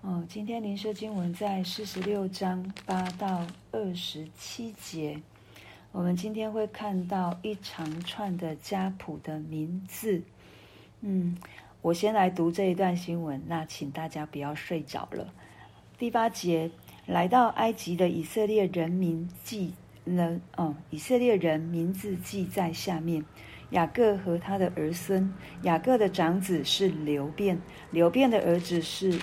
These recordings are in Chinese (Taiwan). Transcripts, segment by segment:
哦，今天靈修經文在四十六章八到二十七節，我們今天會看到一長串的家譜的名字。嗯，我先來讀這一段新聞，那請大家不要睡着了。第八節，來到埃及的以色列人民記了、嗯，哦，以色列人名字記在下面。雅各和他的兒孫，雅各的長子是流便，流便的兒子是。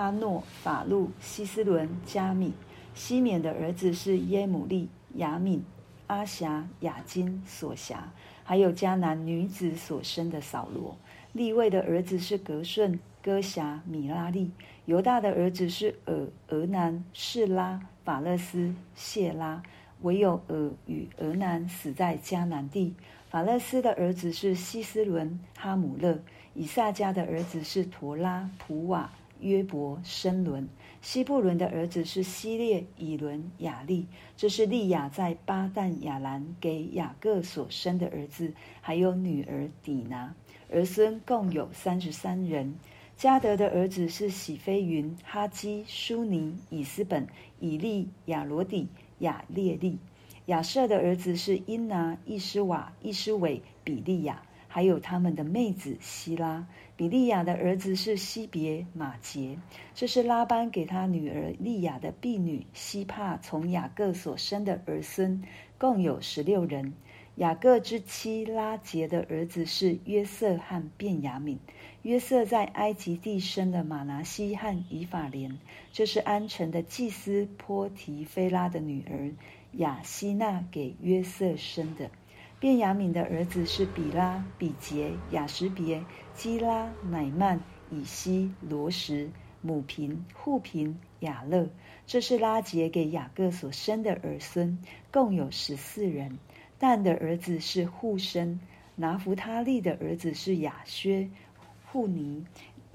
哈諾、法路、希斯倫、迦米。西緬的兒子是耶母利、雅憫、阿轄、雅斤、瑣轄，還有迦南女子所生的掃羅。利未的兒子是革順、哥轄、米拉利。猶大的兒子是珥、俄南、示拉、法勒斯、謝拉，唯有珥與俄南死在迦南地。法勒斯的兒子是希斯崙、哈母勒。以薩迦的兒子是陀拉、普瓦。約伯·申倫、西布倫的兒子是西列以倫、雅利。這是利亞在巴旦亞蘭給雅各所生的兒子，還有女兒底拿，兒孫共有三十三人。迦得的兒子是喜非云、哈基、舒尼、以斯本、以利、亞羅底、亞列利。亞設的兒子是因拿、伊斯瓦、伊斯偉、比利亞。還有他們的妹子西拉，比利亞的兒子是希別瑪結。這是拉班給他女兒利亞的婢女悉帕從雅各所生的兒孫，共有十六人。雅各之妻拉結的兒子是約瑟和便雅憫，約瑟在埃及地生的瑪拿西和以法蓮，這是安城的祭司波提非拉的女兒雅西娜給約瑟生的。便雅憫的兒子是比拉、比結、亞實別、基拉、乃幔、以希、羅實、母平、戶平、亞勒。這是拉結給雅各所生的兒孫，共有十四人。但的兒子是戶伸，拿弗他利的兒子是雅薛、沽尼、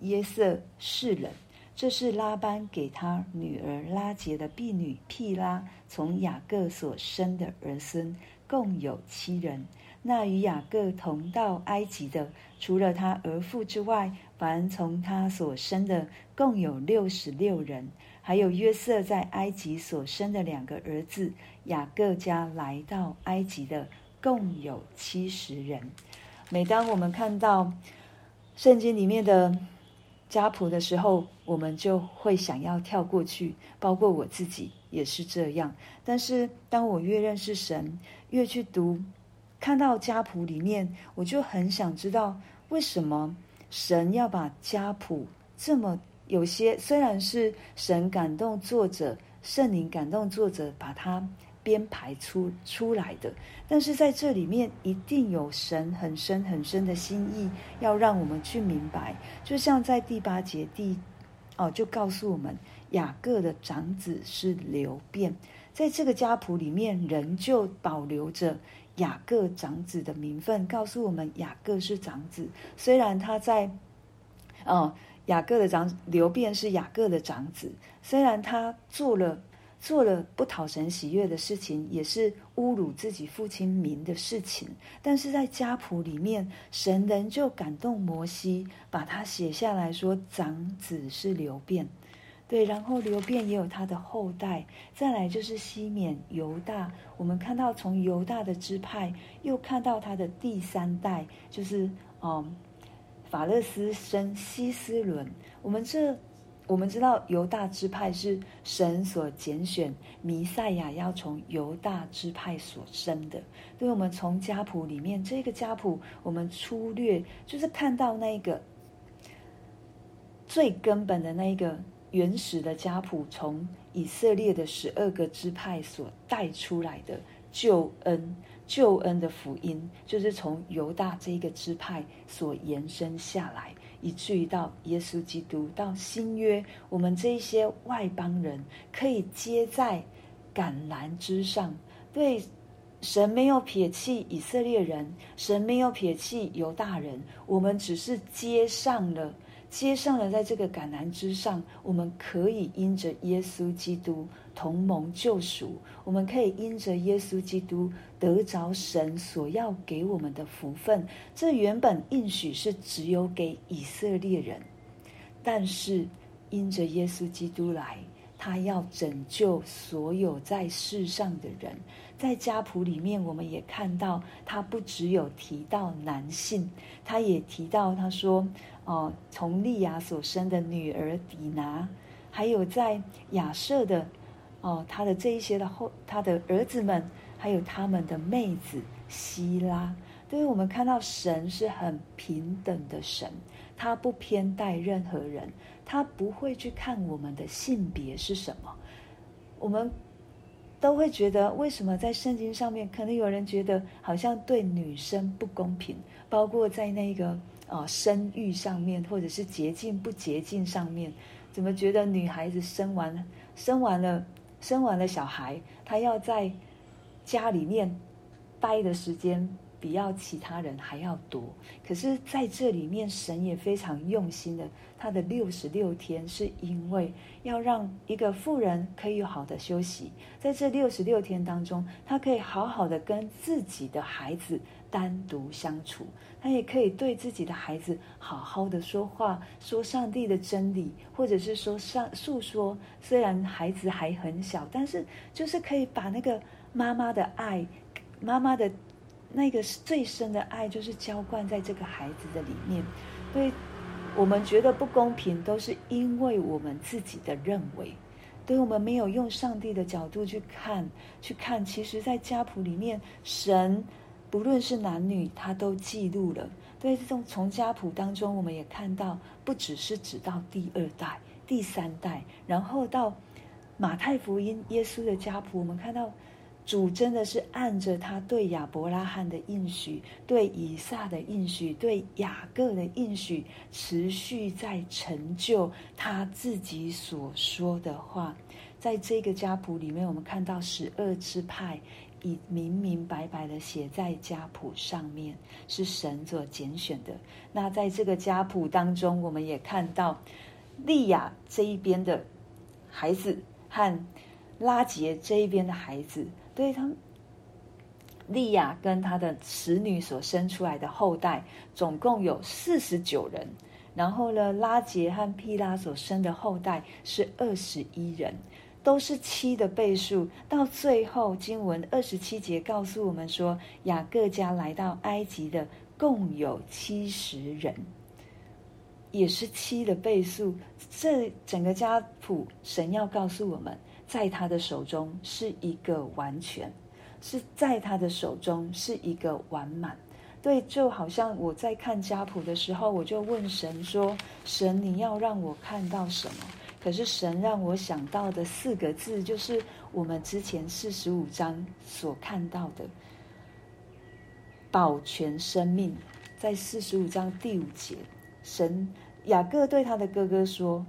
耶色、示冷。這是拉班給他女兒拉結的婢女辟拉從雅各所生的兒孫。共有七人。那與雅各同到埃及的，除了他兒婦之外，凡從他所生的，共有六十六人，還有約瑟在埃及所生的兩個兒子。雅各家來到埃及的，共有七十人。每當我們看到聖經裡面的。家譜的時候，我們就會想要跳過去，包括我自己也是這樣。但是，當我越認識神，越去讀，看到家譜裡面，我就很想知道，為什麼神要把家譜這麼有些？雖然是神感動作者，聖靈感動作者，把它。編排出出來的，但是在這裡面一定有神很深很深的心意，要讓我們去明白。就像在第八節第哦，就告訴我們雅各的長子是流便，在這個家譜裡面仍舊保留着雅各長子的名分，告訴我們雅各是長子。雖然他在哦，雅各的長流便是雅各的長子，雖然他做了。做了不討神喜悅的事情，也是侮辱自己父親名的事情。但是在家譜裡面，神仍舊感動摩西，把他寫下來說：「長子是流便」。對，然後流便也有他的後代。再來就是西緬猶大。我們看到從猶大的支派，又看到他的第三代，就是嗯，法勒斯生西斯倫。我們這。我們知道猶大支派是神所揀選，彌賽亞要從猶大支派所生的。所以我們從家譜裡面，這個家譜我們粗略就是看到那個最根本的那一個原始的家譜，從以色列的十二個支派所帶出來的救恩，救恩的福音，就是從猶大這一個支派所延伸下來。以至於到耶穌基督到新約，我們這一些外邦人可以接在橄欖枝上。對，神沒有撇棄以色列人，神沒有撇棄猶大人，我們只是接上了。接上了，在這個橄欖之上，我們可以因着耶穌基督同盟救贖，我們可以因着耶穌基督得着神所要給我們的福分。這原本應許是只有給以色列人，但是因着耶穌基督來，他要拯救所有在世上的人。在家譜裡面，我們也看到他不只有提到男性，他也提到他說。哦，從利亞所生的女兒底拿，還有在亞設的哦，他的這一些的後，他的兒子們，還有他們的妹子西拉。對於我們看到神是很平等的神，他不偏待任何人，他不會去看我們的性別是什麼，我們都會覺得，為什麼在聖經上面，可能有人覺得好像對女生不公平，包括在那個。哦，生育上面，或者是潔淨不潔淨上面，怎麼覺得女孩子生完、生完了、生完了小孩，她要在家裡面待的時間比要其他人還要多？可是在這裡面，神也非常用心的，她的六十六天，是因為要讓一個婦人可以有好的休息，在這六十六天當中，她可以好好的跟自己的孩子，單獨相處，他也可以對自己的孩子好好的說話，說上帝的真理，或者是說上訴說。雖然孩子還很小，但是就是可以把那個媽媽的愛，媽媽的那個最深的愛，就是澆灌在這個孩子的裡面。對，我們覺得不公平，都是因為我們自己的認為。對，我們沒有用上帝的角度去看，去看。其實，在家譜裡面，神。不論是男女，他都記錄了。對，這種從家譜當中，我們也看到，不只是只到第二代、第三代，然後到馬太福音耶穌的家譜，我們看到主真的是按着他對亞伯拉罕的應許、對以撒的應許、對雅各的應許，持續在成就他自己所說的話。在這個家譜裡面，我們看到十二支派。已明明白白的寫在家譜上面，是神所揀選的。那在這個家譜當中，我們也看到利亞這一邊的孩子和拉杰這一邊的孩子，對他們，利亞跟他的使女所生出來的後代總共有四十九人，然後呢，拉杰和皮拉所生的後代是二十一人。都是七的倍數，到最後經文二十七節告訴我們說，雅各家來到埃及的共有七十人，也是七的倍數。這整個家譜，神要告訴我們，在他的手中是一個完全，是在他的手中是一個完滿。對，就好像我在看家譜的時候，我就問神說：“神，你要讓我看到什麼？”可是神讓我想到的四個字，就是我們之前四十五章所看到的“保全生命”。在四十五章第五節，神雅各對他的哥哥說：“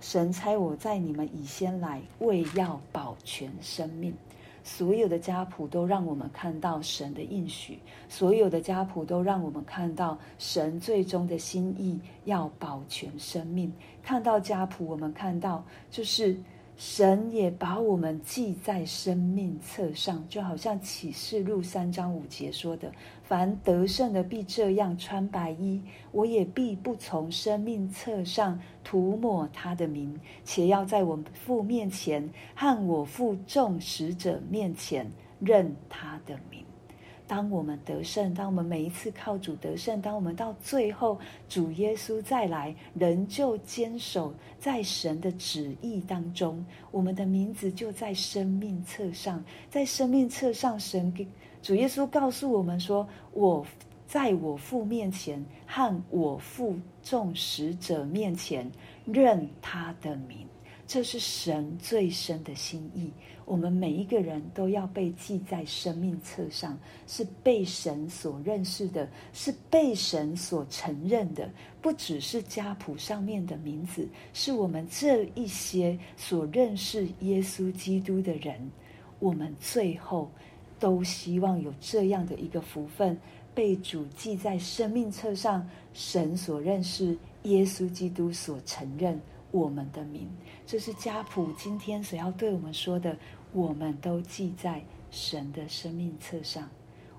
神差我在你們以先來，為要保全生命。”所有的家譜都讓我們看到神的應許，所有的家譜都讓我們看到神最終的心意，要保全生命。看到家譜，我們看到就是。神也把我們記在生命冊上，就好像啟示錄三章五節說的：“凡得勝的必這樣穿白衣；我也必不從生命冊上塗抹他的名，且要在我父面前、和我父眾使者面前認他的名。”當我們得勝，當我們每一次靠主得勝，當我們到最後主耶穌再來，仍舊堅守在神的旨意當中，我們的名字就在生命冊上。在生命冊上，神給主耶穌告訴我們說：“我在我父面前和我父眾使者面前認他的名。”這是神最深的心意。我們每一個人都要被記在生命冊上，是被神所認識的，是被神所承認的。不只是家譜上面的名字，是我們這一些所認識耶穌基督的人，我們最後都希望有這樣的一個福分，被主記在生命冊上，神所認識耶穌基督所承認。我們的名，這是家譜今天所要對我們說的。我們都記在神的生命冊上，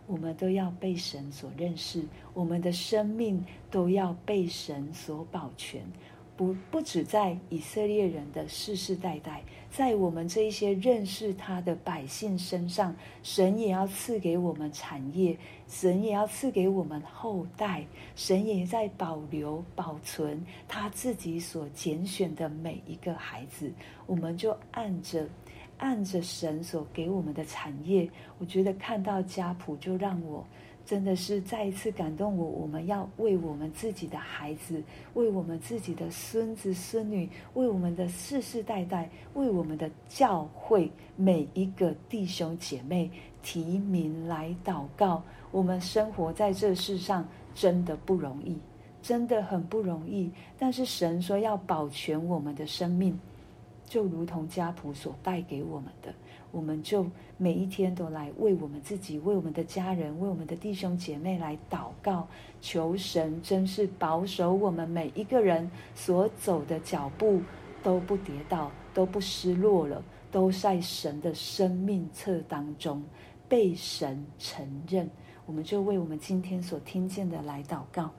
我們都要被神所認識，我們的生命都要被神所保全。不不止在以色列人的世世代代，在我們這一些認識他的百姓身上，神也要賜給我們產業，神也要賜給我們後代，神也在保留保存他自己所揀選的每一個孩子。我們就按着按着神所給我們的產業，我覺得看到家譜就讓我。真的是再一次感動我。我們要為我們自己的孩子，為我們自己的孫子孫女，為我們的世世代代，為我們的教會每一個弟兄姐妹提名來禱告。我們生活在這世上真的不容易，真的很不容易。但是神說要保全我們的生命，就如同家譜所帶給我們的。我們就每一天都來為我們自己、為我們的家人、為我們的弟兄姐妹來禱告，求神真是保守我們每一個人所走的腳步都不跌倒、都不失落了，都在神的生命冊當中被神承認。我們就為我們今天所聽見的來禱告。